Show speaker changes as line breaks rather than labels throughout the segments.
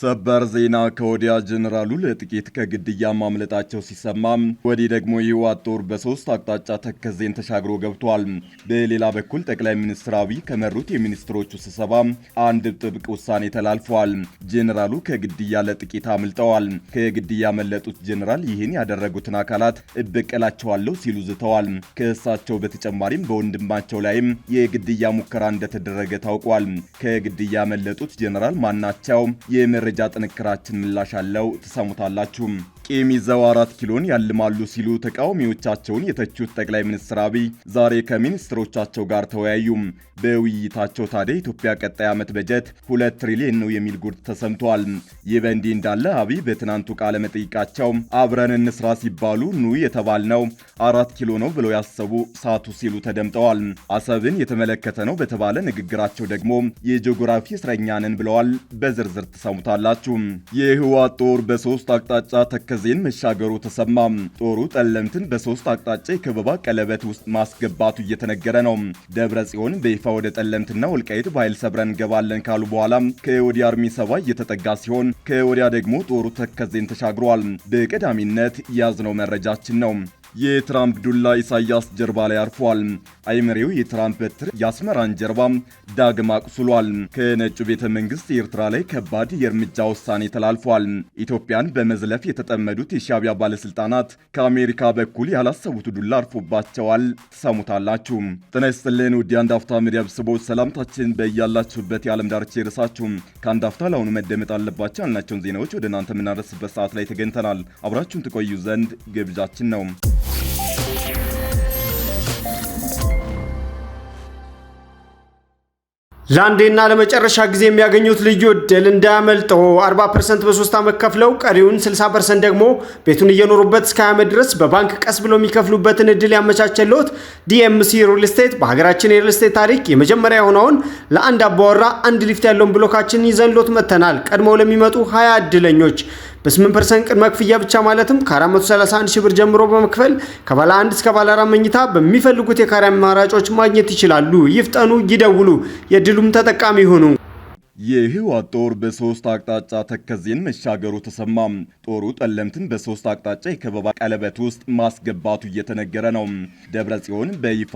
ሰበር ዜና ከወዲያ ጀኔራሉ ለጥቂት ከግድያ ማምለጣቸው ሲሰማ ወዲህ ደግሞ የህወሓት ጦር በሶስት አቅጣጫ ተከዜን ተሻግሮ ገብቷል። በሌላ በኩል ጠቅላይ ሚኒስትር አብይ ከመሩት የሚኒስትሮቹ ስብሰባ አንድ ጥብቅ ውሳኔ ተላልፏል። ጀኔራሉ ከግድያ ለጥቂት አምልጠዋል። ከግድያ መለጡት ጀኔራል ይህን ያደረጉትን አካላት እበቀላቸዋለሁ ሲሉ ዝተዋል። ከእሳቸው በተጨማሪም በወንድማቸው ላይም የግድያ ሙከራ እንደተደረገ ታውቋል። ከግድያ መለጡት ጀኔራል ማናቸው? የመረጃ ጥንክራችን ምላሽ አለው። ትሰሙታላችሁ። ቂም ይዘው አራት ኪሎን ያልማሉ ሲሉ ተቃዋሚዎቻቸውን የተቹት ጠቅላይ ሚኒስትር አብይ ዛሬ ከሚኒስትሮቻቸው ጋር ተወያዩ። በውይይታቸው ታዲያ ኢትዮጵያ ቀጣይ ዓመት በጀት ሁለት ትሪሊየን ነው የሚል ጉድ ተሰምቷል። ይህ በእንዲህ እንዳለ አብይ በትናንቱ ቃለ መጠይቃቸው አብረን እንስራ ሲባሉ ኑ የተባልነው አራት ኪሎ ነው ብለው ያሰቡ ሳቱ ሲሉ ተደምጠዋል። አሰብን የተመለከተ ነው በተባለ ንግግራቸው ደግሞ የጂኦግራፊ እስረኛ ነን ብለዋል። በዝርዝር ትሰሙታላችሁ። የህዋ ጦር በሶስት አቅጣጫ ተከ ተከዜን መሻገሩ ተሰማ። ጦሩ ጠለምትን በሶስት አቅጣጫ የከበባ ቀለበት ውስጥ ማስገባቱ እየተነገረ ነው። ደብረ ጽዮን በይፋ ወደ ጠለምትና ወልቃይት በኃይል ሰብረን እንገባለን ካሉ በኋላ ከወዲ አርሚ ሰባ እየተጠጋ ሲሆን ከወዲያ ደግሞ ጦሩ ተከዜን ተሻግሯል። በቀዳሚነት ያዝነው መረጃችን ነው። የትራምፕ ዱላ ኢሳያስ ጀርባ ላይ አርፏል። አይመሪው የትራምፕ በትር የአስመራን ጀርባ ዳግም አቁስሏል። ከነጩ ቤተ መንግስት ኤርትራ ላይ ከባድ የእርምጃ ውሳኔ ተላልፏል። ኢትዮጵያን በመዝለፍ የተጠመዱት የሻቢያ ባለስልጣናት ከአሜሪካ በኩል ያላሰቡት ዱላ አርፎባቸዋል። ትሰሙታላችሁ። ጤና ይስጥልን ውድ የአንድ አፍታ ሚዲያ ቤተሰቦች ሰላምታችን በያላችሁበት የዓለም ዳርቻ ይድረሳችሁ። ከአንድ አፍታ ለአሁኑ መደመጥ አለባቸው ያልናቸውን ዜናዎች ወደ እናንተ የምናደርስበት ሰዓት ላይ ተገኝተናል። አብራችሁን ትቆዩ ዘንድ ግብዣችን ነው።
ለአንዴና ለመጨረሻ ጊዜ የሚያገኙት ልዩ እድል እንዳያመልጠው 40% በሶስት ዓመት ከፍለው ቀሪውን 60% ደግሞ ቤቱን እየኖሩበት እስከ ዓመት ድረስ በባንክ ቀስ ብሎ የሚከፍሉበትን እድል ያመቻቸልዎት ዲኤምሲ ሪል ስቴት በሀገራችን የሪል ስቴት ታሪክ የመጀመሪያ የሆነውን ለአንድ አባወራ አንድ ሊፍት ያለውን ብሎካችን ይዘንሎት መጥተናል። ቀድመው ለሚመጡ 20 እድለኞች በ8 ፐርሰንት ቅድመ ክፍያ ብቻ ማለትም ከ431 ሺህ ብር ጀምሮ በመክፈል ከባለ 1 እስከ ባለ 4 መኝታ በሚፈልጉት የካሬ አማራጮች ማግኘት ይችላሉ። ይፍጠኑ፣ ይደውሉ፣ የድሉም ተጠቃሚ ይሁኑ።
የህወሓት ጦር በሶስት አቅጣጫ ተከዜን መሻገሩ ተሰማ። ጦሩ ጠለምትን በሶስት አቅጣጫ የከበባ ቀለበት ውስጥ ማስገባቱ እየተነገረ ነው። ደብረ ጽዮን በይፋ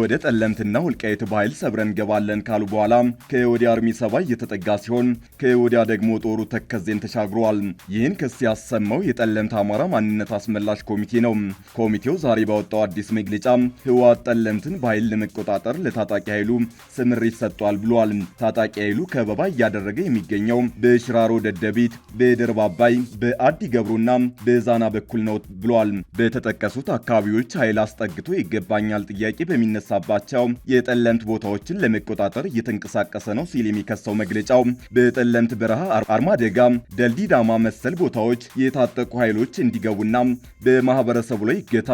ወደ ጠለምትና ወልቃይት በኃይል ሰብረን ገባለን ካሉ በኋላ ከወዲያ አርሚ ሰባ እየተጠጋ ሲሆን ከወዲያ ደግሞ ጦሩ ተከዜን ተሻግሯል። ይህን ክስ ያሰማው የጠለምት አማራ ማንነት አስመላሽ ኮሚቴ ነው። ኮሚቴው ዛሬ ባወጣው አዲስ መግለጫ ህወሓት ጠለምትን በኃይል ለመቆጣጠር ለታጣቂ ኃይሉ ስምሪት ሰጥቷል ብሏል። ታጣቂ ኃይሉ ከ አበባ እያደረገ የሚገኘው በሽራሮ ደደቢት፣ በደርባ አባይ፣ በአዲ ገብሩና በዛና በኩል ነው ብሏል። በተጠቀሱት አካባቢዎች ኃይል አስጠግቶ ይገባኛል ጥያቄ በሚነሳባቸው የጠለምት ቦታዎችን ለመቆጣጠር እየተንቀሳቀሰ ነው ሲል የሚከሰው መግለጫው በጠለምት በረሃ፣ አርማደጋ፣ ደልዲዳማ መሰል ቦታዎች የታጠቁ ኃይሎች እንዲገቡና በማህበረሰቡ ላይ እገታ፣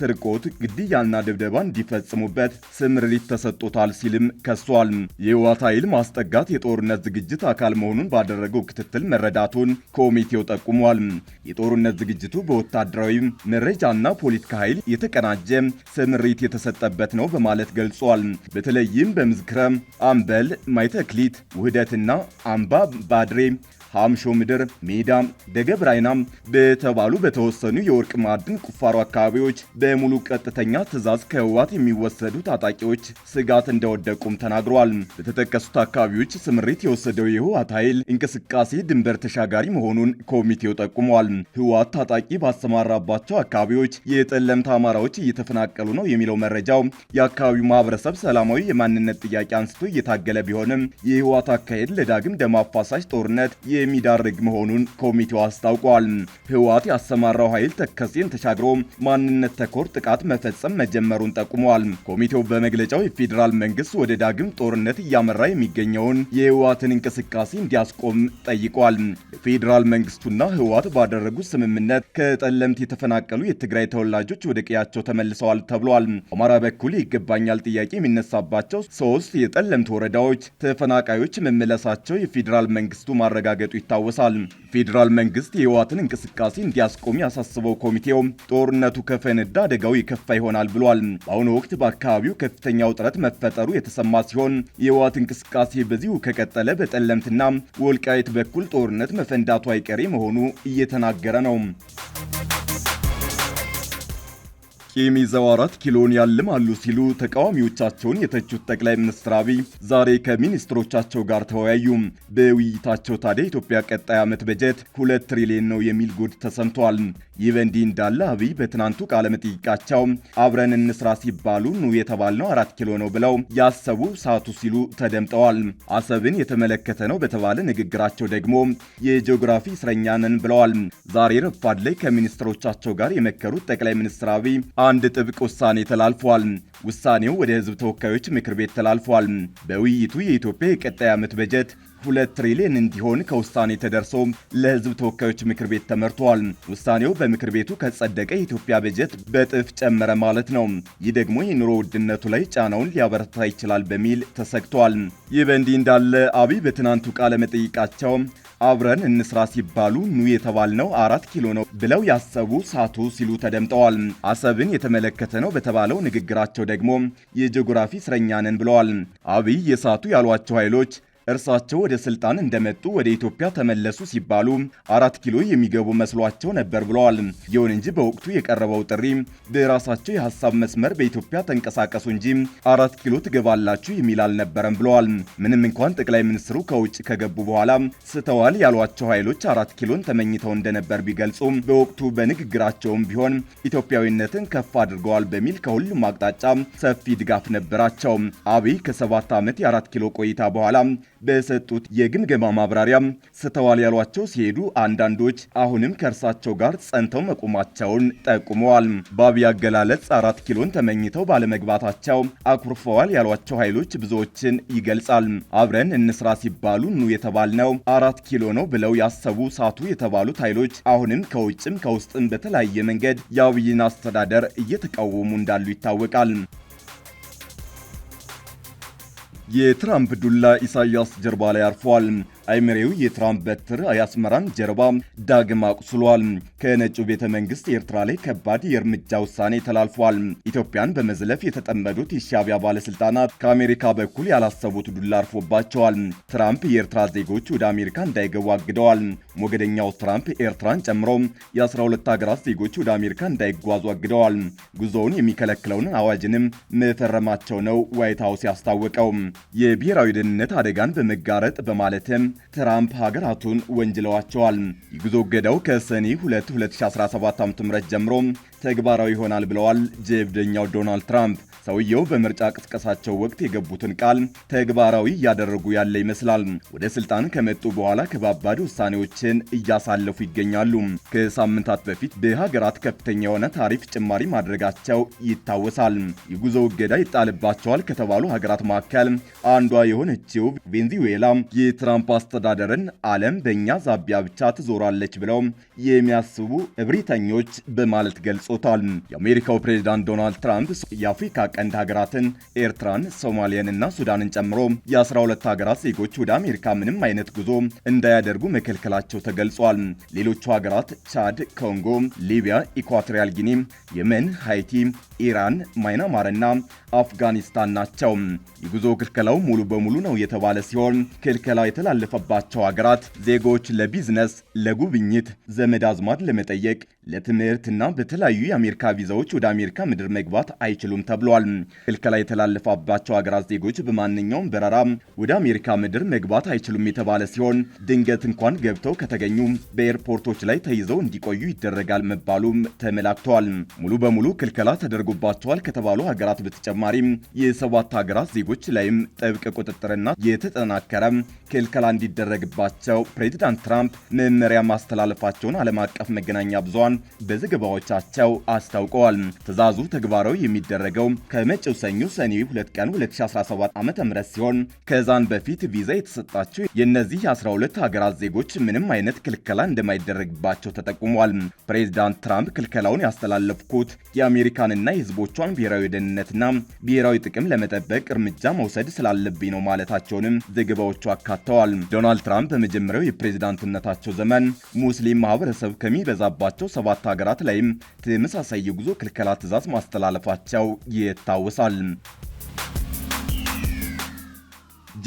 ስርቆት፣ ግድያና ድብደባ እንዲፈጽሙበት ስምሪት ተሰጥቶታል ሲልም ከሷል። የህወሓት ኃይል ማስጠጋት የጦር የጦርነት ዝግጅት አካል መሆኑን ባደረገው ክትትል መረዳቱን ኮሚቴው ጠቁሟል። የጦርነት ዝግጅቱ በወታደራዊ መረጃና ፖለቲካ ኃይል የተቀናጀ ስምሪት የተሰጠበት ነው በማለት ገልጿል። በተለይም በምዝክረ አምበል፣ ማይተክሊት፣ ውህደትና አምባ ባድሬ ሐምሾ ምድር፣ ሜዳ ደገብራይና በተባሉ በተወሰኑ የወርቅ ማዕድን ቁፋሮ አካባቢዎች በሙሉ ቀጥተኛ ትዕዛዝ ከህወሓት የሚወሰዱ ታጣቂዎች ስጋት እንደወደቁም ተናግረዋል። በተጠቀሱት አካባቢዎች ስምሪት የወሰደው የህወሓት ኃይል እንቅስቃሴ ድንበር ተሻጋሪ መሆኑን ኮሚቴው ጠቁመዋል። ህወሓት ታጣቂ ባሰማራባቸው አካባቢዎች የጠለምት አማራዎች እየተፈናቀሉ ነው የሚለው መረጃው የአካባቢው ማህበረሰብ ሰላማዊ የማንነት ጥያቄ አንስቶ እየታገለ ቢሆንም የህወሓት አካሄድ ለዳግም ደም አፋሳሽ ጦርነት የሚዳርግ መሆኑን ኮሚቴው አስታውቋል። ህወሓት ያሰማራው ኃይል ተከዜን ተሻግሮ ማንነት ተኮር ጥቃት መፈጸም መጀመሩን ጠቁሟል። ኮሚቴው በመግለጫው የፌዴራል መንግስት ወደ ዳግም ጦርነት እያመራ የሚገኘውን የህወሓትን እንቅስቃሴ እንዲያስቆም ጠይቋል። የፌዴራል መንግስቱና ህወሓት ባደረጉት ስምምነት ከጠለምት የተፈናቀሉ የትግራይ ተወላጆች ወደ ቀያቸው ተመልሰዋል ተብሏል። አማራ በኩል ይገባኛል ጥያቄ የሚነሳባቸው ሶስት የጠለምት ወረዳዎች ተፈናቃዮች መመለሳቸው የፌዴራል መንግስቱ ማረጋገጡ መደመጡ ይታወሳል። ፌዴራል መንግስት የህወሓትን እንቅስቃሴ እንዲያስቆም ያሳስበው ኮሚቴው ጦርነቱ ከፈነዳ አደጋው የከፋ ይሆናል ብሏል። በአሁኑ ወቅት በአካባቢው ከፍተኛ ውጥረት መፈጠሩ የተሰማ ሲሆን የህወሓት እንቅስቃሴ በዚሁ ከቀጠለ በጠለምትና ወልቃይት በኩል ጦርነት መፈንዳቱ አይቀሬ መሆኑ እየተናገረ ነው። የሚይዘው አራት ኪሎን ያልማሉ ሲሉ ተቃዋሚዎቻቸውን የተቹት ጠቅላይ ሚኒስትር አብይ ዛሬ ከሚኒስትሮቻቸው ጋር ተወያዩ። በውይይታቸው ታዲያ ኢትዮጵያ ቀጣይ ዓመት በጀት ሁለት ትሪሊዮን ነው የሚል ጉድ ተሰምቷል። ይህ በእንዲህ እንዳለ አብይ በትናንቱ ቃለመጠይቃቸው አብረን እንስራ ሲባሉ ኑ የተባልነው አራት ኪሎ ነው ብለው ያሰቡ ሳቱ ሲሉ ተደምጠዋል። አሰብን የተመለከተ ነው በተባለ ንግግራቸው ደግሞ የጂኦግራፊ እስረኛ ነን ብለዋል። ዛሬ ረፋድ ላይ ከሚኒስትሮቻቸው ጋር የመከሩት ጠቅላይ ሚኒስትር አብይ አንድ ጥብቅ ውሳኔ ተላልፏል። ውሳኔው ወደ ህዝብ ተወካዮች ምክር ቤት ተላልፏል። በውይይቱ የኢትዮጵያ የቀጣይ ዓመት በጀት ሁለት ትሪሊየን እንዲሆን ከውሳኔ ተደርሶ ለህዝብ ተወካዮች ምክር ቤት ተመርቷል። ውሳኔው በምክር ቤቱ ከጸደቀ የኢትዮጵያ በጀት በጥፍ ጨመረ ማለት ነው። ይህ ደግሞ የኑሮ ውድነቱ ላይ ጫናውን ሊያበረታ ይችላል በሚል ተሰግቷል። ይህ በእንዲህ እንዳለ አብይ በትናንቱ ቃለ መጠይቃቸው አብረን እንስራ ሲባሉ ኑ የተባልነው አራት ኪሎ ነው ብለው ያሰቡ ሳቱ ሲሉ ተደምጠዋል። አሰብን የተመለከተ ነው በተባለው ንግግራቸው ደግሞ የጂኦግራፊ እስረኛ ነን ብለዋል። አብይ የሳቱ ያሏቸው ኃይሎች እርሳቸው ወደ ስልጣን እንደመጡ ወደ ኢትዮጵያ ተመለሱ ሲባሉ አራት ኪሎ የሚገቡ መስሏቸው ነበር ብለዋል። ይሁን እንጂ በወቅቱ የቀረበው ጥሪ በራሳቸው የሀሳብ መስመር በኢትዮጵያ ተንቀሳቀሱ እንጂ አራት ኪሎ ትገባላችሁ የሚል አልነበረም ብለዋል። ምንም እንኳን ጠቅላይ ሚኒስትሩ ከውጭ ከገቡ በኋላ ስተዋል ያሏቸው ኃይሎች አራት ኪሎን ተመኝተው እንደነበር ቢገልጹ፣ በወቅቱ በንግግራቸውም ቢሆን ኢትዮጵያዊነትን ከፍ አድርገዋል በሚል ከሁሉም አቅጣጫ ሰፊ ድጋፍ ነበራቸው። አብይ ከሰባት ዓመት የአራት ኪሎ ቆይታ በኋላ በሰጡት የግምገማ ማብራሪያም ስተዋል ያሏቸው ሲሄዱ አንዳንዶች አሁንም ከእርሳቸው ጋር ጸንተው መቆማቸውን ጠቁመዋል። በአብይ አገላለጽ አራት ኪሎን ተመኝተው ባለመግባታቸው አኩርፈዋል ያሏቸው ኃይሎች ብዙዎችን ይገልጻል። አብረን እንስራ ሲባሉ ኑ የተባልነው አራት ኪሎ ነው ብለው ያሰቡ ሳቱ የተባሉት ኃይሎች አሁንም ከውጭም ከውስጥም በተለያየ መንገድ የአብይን አስተዳደር እየተቃወሙ እንዳሉ ይታወቃል። የትራምፕ ዱላ ኢሳያስ ጀርባ ላይ አርፏል። አይምሬው የትራምፕ በትር የአስመራን ጀርባ ዳግም አቁስሏል። ከነጩ ቤተ መንግስት ኤርትራ ላይ ከባድ የእርምጃ ውሳኔ ተላልፏል። ኢትዮጵያን በመዝለፍ የተጠመዱት የሻቢያ ባለስልጣናት ከአሜሪካ በኩል ያላሰቡት ዱላ አርፎባቸዋል። ትራምፕ የኤርትራ ዜጎች ወደ አሜሪካ እንዳይገቡ አግደዋል። ሞገደኛው ትራምፕ ኤርትራን ጨምሮ የ12 ሀገራት ዜጎች ወደ አሜሪካ እንዳይጓዙ አግደዋል። ጉዞውን የሚከለክለውን አዋጅንም መፈረማቸው ነው ዋይት ሀውስ ያስታወቀው። የብሔራዊ ደህንነት አደጋን በመጋረጥ በማለትም ትራምፕ ሀገራቱን ወንጅለዋቸዋል። የጉዞ እገዳው ከሰኔ 2 2017 ዓ.ም ጀምሮ ተግባራዊ ይሆናል ብለዋል ጀብደኛው ዶናልድ ትራምፕ። ሰውየው በምርጫ ቅስቀሳቸው ወቅት የገቡትን ቃል ተግባራዊ እያደረጉ ያለ ይመስላል። ወደ ስልጣን ከመጡ በኋላ ከባባድ ውሳኔዎችን እያሳለፉ ይገኛሉ። ከሳምንታት በፊት በሀገራት ከፍተኛ የሆነ ታሪፍ ጭማሪ ማድረጋቸው ይታወሳል። የጉዞ እገዳ ይጣልባቸዋል ከተባሉ ሀገራት መካከል አንዷ የሆነችው ቬንዙዌላ የትራምፕ አስተዳደርን ዓለም በእኛ ዛቢያ ብቻ ትዞራለች ብለው የሚያስቡ እብሪተኞች በማለት ገልጾታል። የአሜሪካው ፕሬዚዳንት ዶናልድ ትራምፕ የአፍሪካ ቀንድ ሀገራትን ኤርትራን፣ ሶማሊያንና ሱዳንን ጨምሮ የ12 ሀገራት ዜጎች ወደ አሜሪካ ምንም አይነት ጉዞ እንዳያደርጉ መከልከላቸው ተገልጿል። ሌሎቹ ሀገራት ቻድ፣ ኮንጎ፣ ሊቢያ፣ ኢኳቶሪያል ጊኒ፣ የመን፣ ሃይቲ፣ ኢራን፣ ማይናማርና አፍጋኒስታን ናቸው። የጉዞ ክልከላው ሙሉ በሙሉ ነው የተባለ ሲሆን ክልከላው የተላለፈባቸው ሀገራት ዜጎች ለቢዝነስ፣ ለጉብኝት፣ ዘመድ አዝማድ ለመጠየቅ፣ ለትምህርትና በተለያዩ የአሜሪካ ቪዛዎች ወደ አሜሪካ ምድር መግባት አይችሉም ተብሏል። ተገልጿል። ክልከላ የተላለፈባቸው ሀገራት ዜጎች በማንኛውም በረራ ወደ አሜሪካ ምድር መግባት አይችሉም የተባለ ሲሆን ድንገት እንኳን ገብተው ከተገኙ በኤርፖርቶች ላይ ተይዘው እንዲቆዩ ይደረጋል መባሉም ተመላክተዋል። ሙሉ በሙሉ ክልከላ ተደርጎባቸዋል ከተባሉ ሀገራት በተጨማሪም የሰባት ሀገራት ዜጎች ላይም ጥብቅ ቁጥጥርና የተጠናከረ ክልከላ እንዲደረግባቸው ፕሬዚዳንት ትራምፕ መመሪያ ማስተላለፋቸውን ዓለም አቀፍ መገናኛ ብዙሃን በዘገባዎቻቸው አስታውቀዋል። ትዕዛዙ ተግባራዊ የሚደረገው ከመጪው ሰኞ ሰኔ 2 ቀን 2017 ዓ ም ሲሆን ከዛን በፊት ቪዛ የተሰጣቸው የእነዚህ 12 ሀገራት ዜጎች ምንም አይነት ክልከላ እንደማይደረግባቸው ተጠቁሟል። ፕሬዚዳንት ትራምፕ ክልከላውን ያስተላለፍኩት የአሜሪካንና የህዝቦቿን ብሔራዊ ደህንነትና ብሔራዊ ጥቅም ለመጠበቅ እርምጃ መውሰድ ስላለብኝ ነው ማለታቸውንም ዘገባዎቹ አካተዋል። ዶናልድ ትራምፕ በመጀመሪያው የፕሬዚዳንትነታቸው ዘመን ሙስሊም ማህበረሰብ ከሚበዛባቸው ሰባት ሀገራት ላይም ተመሳሳይ የጉዞ ክልከላ ትእዛዝ ማስተላለፋቸው التوصل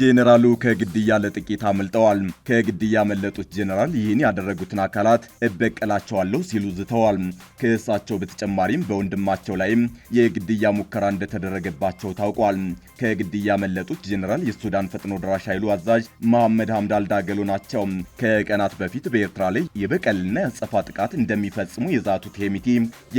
ጄኔራሉ ከግድያ ለጥቂት አምልጠዋል። ከግድያ መለጡት ጄኔራል ይህን ያደረጉትን አካላት እበቀላቸዋለሁ ሲሉ ዝተዋል። ከእሳቸው በተጨማሪም በወንድማቸው ላይም የግድያ ሙከራ እንደተደረገባቸው ታውቋል። ከግድያ መለጡት ጄኔራል የሱዳን ፈጥኖ ደራሽ ኃይሉ አዛዥ መሐመድ ሐምዳል ዳገሎ ናቸው። ከቀናት በፊት በኤርትራ ላይ የበቀልና የአጸፋ ጥቃት እንደሚፈጽሙ የዛቱት ሄሚቲ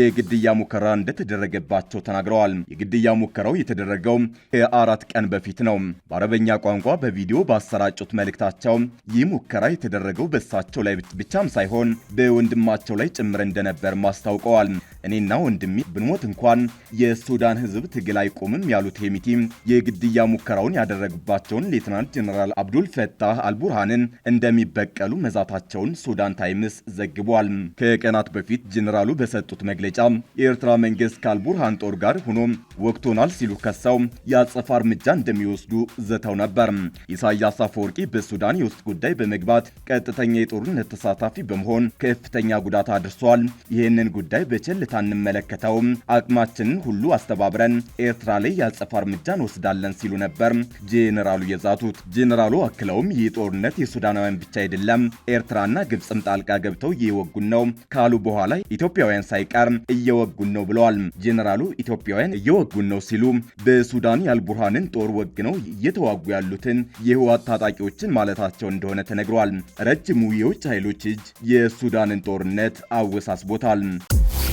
የግድያ ሙከራ እንደተደረገባቸው ተናግረዋል። የግድያ ሙከራው የተደረገው ከአራት ቀን በፊት ነው። በአረበኛ ቋንቋ በቪዲዮ ባሰራጩት መልእክታቸው ይህ ሙከራ የተደረገው በእሳቸው ላይ ብቻም ሳይሆን በወንድማቸው ላይ ጭምር እንደነበር አስታውቀዋል። እኔና ወንድሜ ብንሞት እንኳን የሱዳን ህዝብ ትግል አይቆምም ያሉት ሄሚቲ የግድያ ሙከራውን ያደረጉባቸውን ሌትናንት ጀነራል አብዱል ፈታህ አልቡርሃንን እንደሚበቀሉ መዛታቸውን ሱዳን ታይምስ ዘግቧል። ከቀናት በፊት ጀነራሉ በሰጡት መግለጫ የኤርትራ መንግስት ከአልቡርሃን ጦር ጋር ሆኖ ወቅቶናል ሲሉ ከሰው የአጸፋ እርምጃ እንደሚወስዱ ዘተው ነበር። ኢሳያስ አፈወርቂ በሱዳን የውስጥ ጉዳይ በመግባት ቀጥተኛ የጦርነት ተሳታፊ በመሆን ከፍተኛ ጉዳት አድርሷል። ይህንን ጉዳይ በቸል በዝምታ እንመለከተውም አቅማችንን ሁሉ አስተባብረን ኤርትራ ላይ ያልጸፋ እርምጃ እንወስዳለን ሲሉ ነበር ጄኔራሉ የዛቱት። ጄኔራሉ አክለውም ይህ ጦርነት የሱዳናውያን ብቻ አይደለም፣ ኤርትራና ግብፅም ጣልቃ ገብተው እየወጉን ነው ካሉ በኋላ ኢትዮጵያውያን ሳይቀር እየወጉን ነው ብለዋል። ጄኔራሉ ኢትዮጵያውያን እየወጉን ነው ሲሉ በሱዳን ያልቡርሃንን ጦር ወግ ነው እየተዋጉ ያሉትን የህወሓት ታጣቂዎችን ማለታቸው እንደሆነ ተነግሯል። ረጅሙ የውጭ ኃይሎች እጅ የሱዳንን ጦርነት አወሳስቦታል።